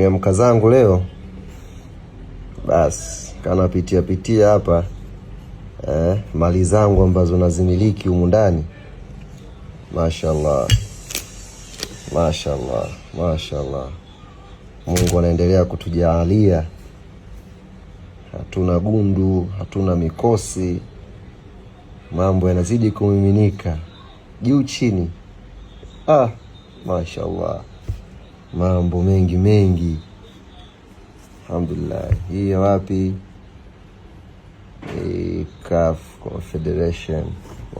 nimeamka zangu leo, basi kanapitia pitia hapa eh, mali zangu ambazo nazimiliki humu ndani. Mashaallah, mashaallah, mashaallah, Mungu anaendelea kutujaalia, hatuna gundu, hatuna mikosi, mambo yanazidi kumiminika juu chini. Ah, mashaallah mambo mengi mengi. Alhamdulillah, hii ya wapi? E, CAF Confederation.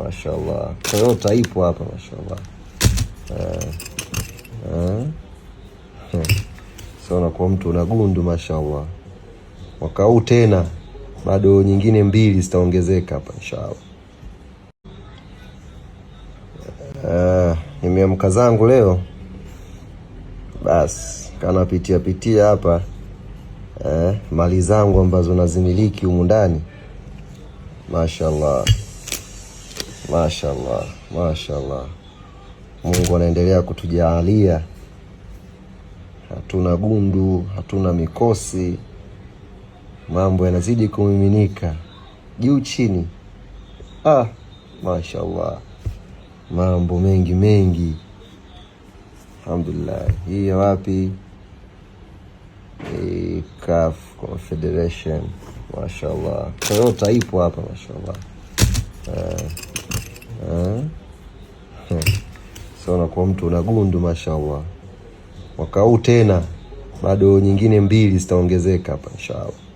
Mashallah, Toyota ipo hapa mashallah. Eh, eh. So unakuwa mtu unagundu mashallah. Mwaka huu tena bado nyingine mbili zitaongezeka hapa inshallah. Eh, nimeamka zangu leo basi kanapitia pitia hapa eh, mali zangu ambazo nazimiliki humu ndani. Mashaallah, mashaallah, mashaallah. Mungu anaendelea kutujaalia, hatuna gundu, hatuna mikosi, mambo yanazidi kumiminika juu chini. Ah, mashaallah, mambo mengi mengi Alhamdulillah. Hii ya wapi? CAF Confederation. Mashallah, Toyota ipo hapa mashallah. Uh, eh, uh. Eh. So nakuwa mtu unagundu mashallah. Mwaka huu tena bado nyingine mbili zitaongezeka hapa inshallah.